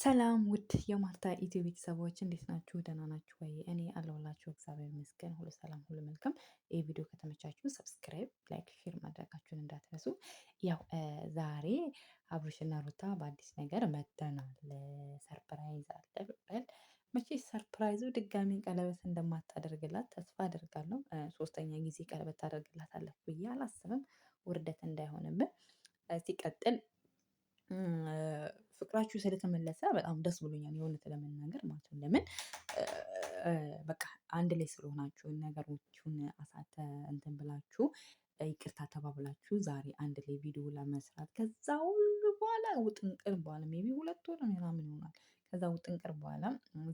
ሰላም ውድ የማርታ ኢትዮ ቤተሰቦች እንዴት ናችሁ? ደህና ናችሁ ወይ? እኔ አለሁላችሁ። እግዚአብሔር ይመስገን፣ ሁሉ ሰላም፣ ሁሉ መልካም። ይህ ቪዲዮ ከተመቻችሁ ሰብስክራይብ፣ ላይክ፣ ሼር ማድረጋችሁን እንዳትረሱ። ያው ዛሬ አብርሽና ሩታ በአዲስ ነገር መጥተናል። ሰርፕራይዝ አለ ብለን መቼ ሰርፕራይዙ ድጋሚ ቀለበት እንደማታደርግላት ተስፋ አደርጋለሁ። ሶስተኛ ጊዜ ቀለበት ታደርግላታለች ብዬ አላስብም፣ ውርደት እንዳይሆንብን። ሲቀጥል ፍቅራችሁ ስለተመለሰ በጣም ደስ ብሎኛል፣ የእውነት ለመናገር ማለት ነው። ለምን በቃ አንድ ላይ ስለሆናችሁ ነገሮቹን አሳተ እንትን ብላችሁ ይቅርታ ተባብላችሁ ዛሬ አንድ ላይ ቪዲዮ ለመስራት ከዛ ሁሉ በኋላ ውጥንቅር በኋላ ሜቢ ሁለት ወር ምናምን ይሆናል። ከዛ ውጥንቅር በኋላ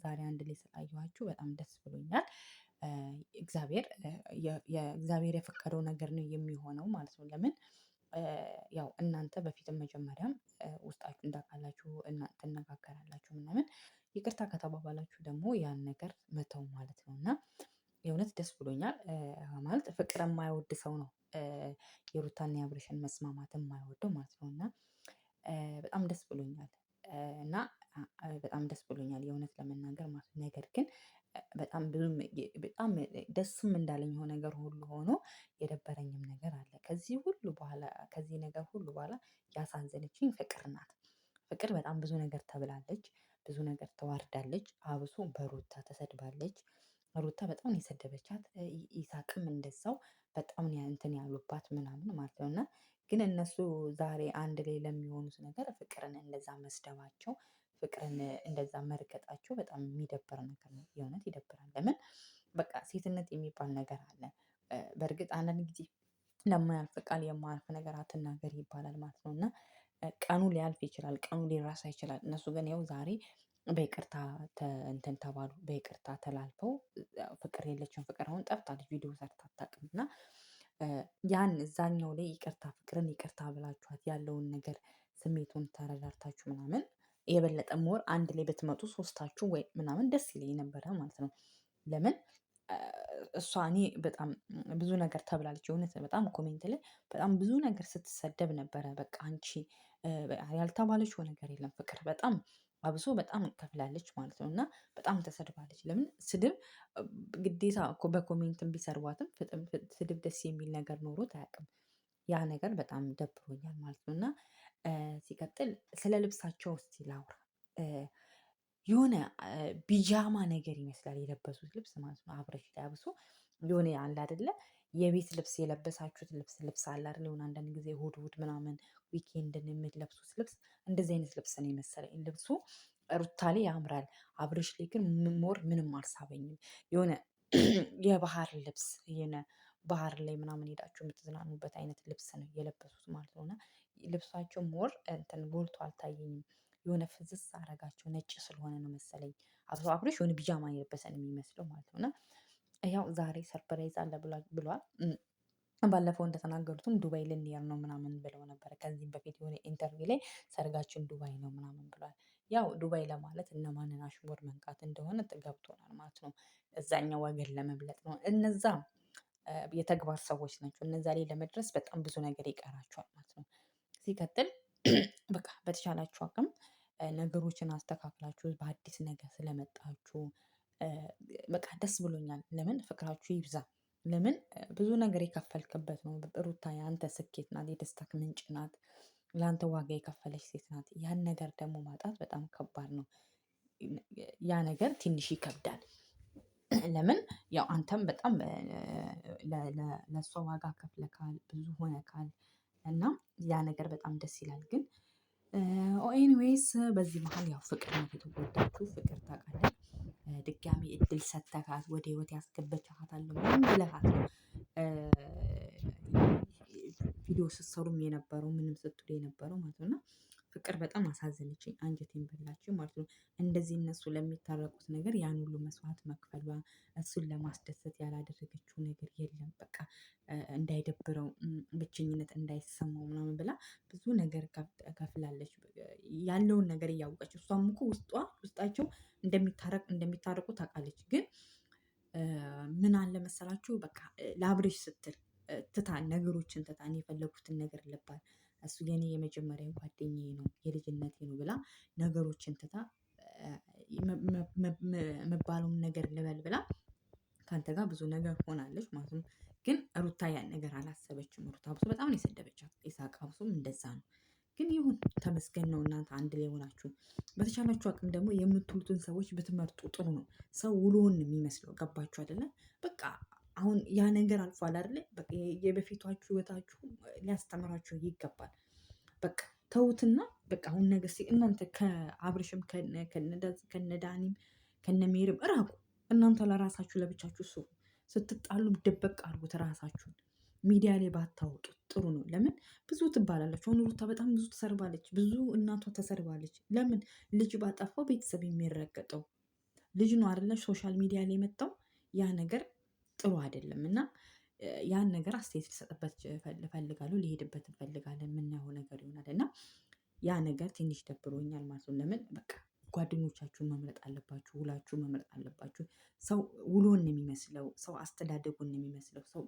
ዛሬ አንድ ላይ ስላየኋችሁ በጣም ደስ ብሎኛል። እግዚአብሔር የእግዚአብሔር የፈቀደው ነገር ነው የሚሆነው ማለት ነው። ለምን ያው እናንተ በፊትም መጀመሪያም ውስጣችሁ እንዳ ይቅርታ ከተባባላችሁ ደግሞ ያን ነገር መተው ማለት ነው እና የእውነት ደስ ብሎኛል። ማለት ፍቅር የማይወድ ሰው ነው የሩታና የአብርሽን መስማማት የማይወደው ማለት ነው እና በጣም ደስ ብሎኛል እና በጣም ደስ ብሎኛል የእውነት ለመናገር ማለት ነገር ግን በጣም ብዙም በጣም ደስም እንዳለኝ የሆነ ነገር ሁሉ ሆኖ የደበረኝም ነገር አለ። ከዚህ ሁሉ በኋላ ከዚህ ነገር ሁሉ በኋላ ያሳዘነችኝ ፍቅር ናት። ፍቅር በጣም ብዙ ነገር ተብላለች። ብዙ ነገር ተዋርዳለች። አብሶ በሩታ ተሰድባለች። ሩታ በጣም ነው የሰደበቻት። ይሳቅም እንደዛው በጣም እንትን ያሉባት ምናምን ማለት ነው። እና ግን እነሱ ዛሬ አንድ ላይ ለሚሆኑት ነገር ፍቅርን እንደዛ መስደባቸው፣ ፍቅርን እንደዛ መርገጣቸው በጣም የሚደብር ነገር ነው። የእውነት ይደብራል። ለምን በቃ ሴትነት የሚባል ነገር አለ። በእርግጥ አንዳንድ ጊዜ ለማያልፍ ቃል የማያልፍ ነገር አትናገር ይባላል ማለት ነው እና ቀኑ ሊያልፍ ይችላል ቀኑ ሊረሳ ይችላል እነሱ ግን ያው ዛሬ በይቅርታ እንትን ተባሉ በይቅርታ ተላልፈው ፍቅር የለችም ፍቅር አሁን ጠፍታለች ቪዲዮ ሰርታ አታውቅም እና ያን እዛኛው ላይ ይቅርታ ፍቅርን ይቅርታ ብላችኋት ያለውን ነገር ስሜቱን ተረዳርታችሁ ምናምን የበለጠ ሞር አንድ ላይ ብትመጡ ሶስታችሁ ወይ ምናምን ደስ ይለኝ ነበረ ማለት ነው። ለምን እሷ እኔ በጣም ብዙ ነገር ተብላለች። የእውነት በጣም ኮሜንት ላይ በጣም ብዙ ነገር ስትሰደብ ነበረ። በቃ አንቺ ያልተባለችው ነገር የለም ፍቅር በጣም አብሶ በጣም ከፍላለች ማለት ነው። እና በጣም ተሰድባለች። ለምን ስድብ ግዴታ በኮሜንትም ቢሰርቧትም ስድብ ደስ የሚል ነገር ኖሮት አያውቅም። ያ ነገር በጣም ደብሮኛል ማለት ነው። እና ሲቀጥል ስለ ልብሳቸው እስኪ ላውራ። የሆነ ቢጃማ ነገር ይመስላል የለበሱት ልብስ ማለት ነው። አብረሽ ዳብሶ የሆነ አለ አይደለ የቤት ልብስ የለበሳችሁት ልብስ ልብስ አለ አይደለ የሆነ አንዳንድ ጊዜ እሑድ እሑድ ምናምን ዊኬንድን የምትለብሱት ልብስ እንደዚህ አይነት ልብስ ነው የመሰለኝ ልብሱ። ሩታ ላይ ያምራል፣ አብረሽ ላይ ግን ሞር ምንም አልሳበኝም። የሆነ የባህር ልብስ የሆነ ባህር ላይ ምናምን ሄዳችሁ የምትዝናኑበት አይነት ልብስ ነው የለበሱት ማለት ነው። እና ልብሳቸው ሞር እንትን ጎልቶ አልታየኝም። የሆነ ፍዝዝ አረጋቸው ነጭ ስለሆነ ነው መሰለኝ። አቶ አብርሽ የሆነ ቢጃማ የለበሰን የሚመስለው ማለት ነው። እና ያው ዛሬ ሰርፕራይዝ አለ ብሏል። ባለፈው እንደተናገሩትም ዱባይ ልንሄድ ነው ምናምን ብለው ነበረ። ከዚህም በፊት የሆነ ኢንተርቪው ላይ ሰርጋችን ዱባይ ነው ምናምን ብሏል። ያው ዱባይ ለማለት እነማንን አሽሙር መንካት እንደሆነ ገብቶናል ማለት ነው። እዛኛው ወገን ለመብለጥ ነው። እነዛ የተግባር ሰዎች ናቸው። እነዛ ላይ ለመድረስ በጣም ብዙ ነገር ይቀራቸዋል ማለት ነው። ሲቀጥል በቃ በተቻላችሁ አቅም ነገሮችን አስተካክላችሁ በአዲስ ነገር ስለመጣችሁ በቃ ደስ ብሎኛል። ለምን ፍቅራችሁ ይብዛ። ለምን ብዙ ነገር የከፈልክበት ነው። ሩታ የአንተ ስኬት ናት የደስታክ ምንጭ ናት። ለአንተ ዋጋ የከፈለች ሴት ናት። ያን ነገር ደግሞ ማጣት በጣም ከባድ ነው። ያ ነገር ትንሽ ይከብዳል። ለምን ያው አንተም በጣም ለእሷ ዋጋ ከፍለካል ብዙ ሆነካል። እና ያ ነገር በጣም ደስ ይላል ግን ኤኒዌይስ በዚህ መሀል ያው ፍቅር ነው የተጎዳችሁ። ፍቅር ታውቃለህ፣ ድጋሚ እድል ሰተካት ወደ ህይወት ያስገበቻታለሁ ምንም ብለሃት ነው ቪዲዮ ስትሰሩም የነበረው ምንም ስትሉ የነበረው ማለት ነው ፍቅር በጣም አሳዘነችኝ፣ አንጀቴን በላችው ማለት ነው። እንደዚህ እነሱ ለሚታረቁት ነገር ያን ሁሉ መስዋዕት መክፈሏ እሱን ለማስደሰት ያላደረገችው ነገር የለም። በቃ እንዳይደብረው፣ ብቸኝነት እንዳይሰማው ምናምን ብላ ብዙ ነገር ከፍላለች። ያለውን ነገር እያወቀች እሷም እኮ ውስጧ ውስጣቸው እንደሚታረቅ እንደሚታረቁ ታውቃለች። ግን ምን አለ መሰላችሁ በቃ ለአብሬሽ ስትል ትታ ነገሮችን ትታ የፈለጉትን ነገር ልባል እሱ የኔ የመጀመሪያ ጓደኛዬ ነው የልጅነቴ ነው ብላ ነገሮችን ትታ መባለውን ነገር ልበል ብላ ከአንተ ጋር ብዙ ነገር ሆናለች ማለት ነው። ግን ሩታ ያን ነገር አላሰበችም። ሩታ ብዙ በጣም ነው የሰደበቻት። ይሳቅ እንደዛ ነው። ግን ይሁን ተመስገን ነው። እናንተ አንድ ላይ ሆናችሁ በተቻላችሁ አቅም ደግሞ የምትሉትን ሰዎች ብትመርጡ ጥሩ ነው። ሰው ውሎውን የሚመስለው ገባችሁ አይደለም? በቃ አሁን ያ ነገር አልፏል አይደለ? በቃ የበፊቷችሁ ህይወታችሁ ሊያስተምራችሁ ይገባል። በቃ ተዉትና በቃ አሁን ነገር ሲ እናንተ ከአብርሽም ከነዳኒም ከነሜርም እራቁ። እናንተ ለራሳችሁ ለብቻችሁ ስሩ። ስትጣሉ ደበቅ አድርጉት ራሳችሁን። ሚዲያ ላይ ባታወጡት ጥሩ ነው። ለምን ብዙ ትባላለች። አሁን ሩታ በጣም ብዙ ተሰርባለች። ብዙ እናቷ ተሰርባለች። ለምን ልጅ ባጠፋው ቤተሰብ የሚረገጠው ልጅ ነው አይደለ? ሶሻል ሚዲያ ላይ መጣው ያ ነገር ጥሩ አይደለም እና ያን ነገር አስተያየት ልሰጥበት እፈልጋለሁ። ሊሄድበት እንፈልጋለን የምናየው ነገር ይሆናል እና ያ ነገር ትንሽ ደብሮኛል ማለት ነው። ለምን በቃ ጓደኞቻችሁን መምረጥ አለባችሁ ውላችሁ መምረጥ አለባችሁ። ሰው ውሎን የሚመስለው ሰው አስተዳደጉን የሚመስለው ሰው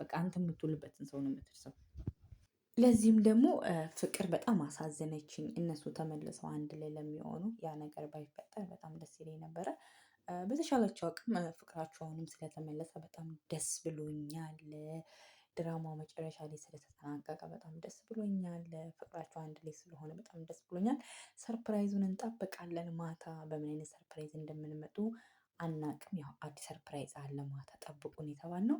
በቃ አንተ የምትውልበትን ሰው ነው የምትደርሰው። ለዚህም ደግሞ ፍቅር በጣም አሳዘነችኝ እነሱ ተመልሰው አንድ ላይ ለሚሆኑ ያ ነገር ባይፈጠር በጣም ደስ ይለኝ ነበረ በተሻላቸው አቅም ፍቅራቸው አሁንም ስለተመለሰ በጣም ደስ ብሎኛል። ድራማ መጨረሻ ላይ ስለተጠናቀቀ በጣም ደስ ብሎኛል። ፍቅራቸው አንድ ላይ ስለሆነ በጣም ደስ ብሎኛል። ሰርፕራይዙን እንጠብቃለን። ማታ በምን አይነት ሰርፕራይዝ እንደምንመጡ አናቅም። ያው አዲስ ሰርፕራይዝ አለ ማታ ጠብቁን ነው።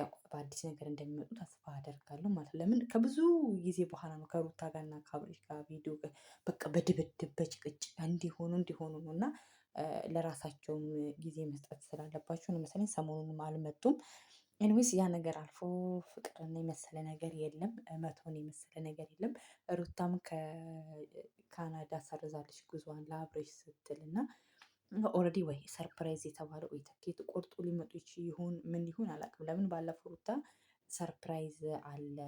ያው በአዲስ ነገር እንደሚመጡ ተስፋ አደርጋለሁ ማለት ነው። ለምን ከብዙ ጊዜ በኋላ ነው ከሩታ ጋርና ከአብርሽ ጋር ቪዲዮ በቃ በድብድብ በጭቅጭቅ እንዲሆኑ እንዲሆኑ ነው እና ለራሳቸውም ጊዜ መስጠት ስላለባቸው ነው መሰለኝ ሰሞኑንም አልመጡም። ኤንዊስ ያ ነገር አልፎ ፍቅርን የመሰለ ነገር የለም፣ መቶን የመሰለ ነገር የለም። ሩታም ከካናዳ ሰርዛለች ጉዞዋን ለአብሬሽ ስትል እና ኦልሬዲ ወይ ሰርፕራይዝ የተባለው ወይ ትኬት ቆርጦ ሊመጡ ይሆን ምን ይሁን አላውቅም። ለምን ባለፈው ሩታ ሰርፕራይዝ አለ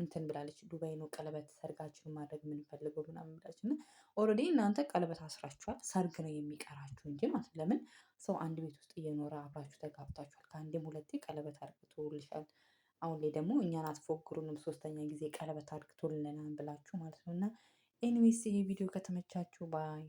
እንትን ብላለች። ዱባይ ነው ቀለበት ሰርጋችሁን ማድረግ የምንፈልገው ምናምን ብላለች። እና ኦልሬዲ እናንተ ቀለበት አስራችኋል፣ ሰርግ ነው የሚቀራችሁ እንጂ ማለት ለምን ሰው አንድ ቤት ውስጥ እየኖረ አብራችሁ ተጋብታችኋል። ከአንዴም ሁለቴ ቀለበት አድርግቶልሻል። አሁን ላይ ደግሞ እኛን አትፎግሩንም፣ ሶስተኛ ጊዜ ቀለበት አድርግቶልናል ብላችሁ ማለት ነው። እና ኤኒዌይስ ይሄ ቪዲዮ ከተመቻችሁ ባይ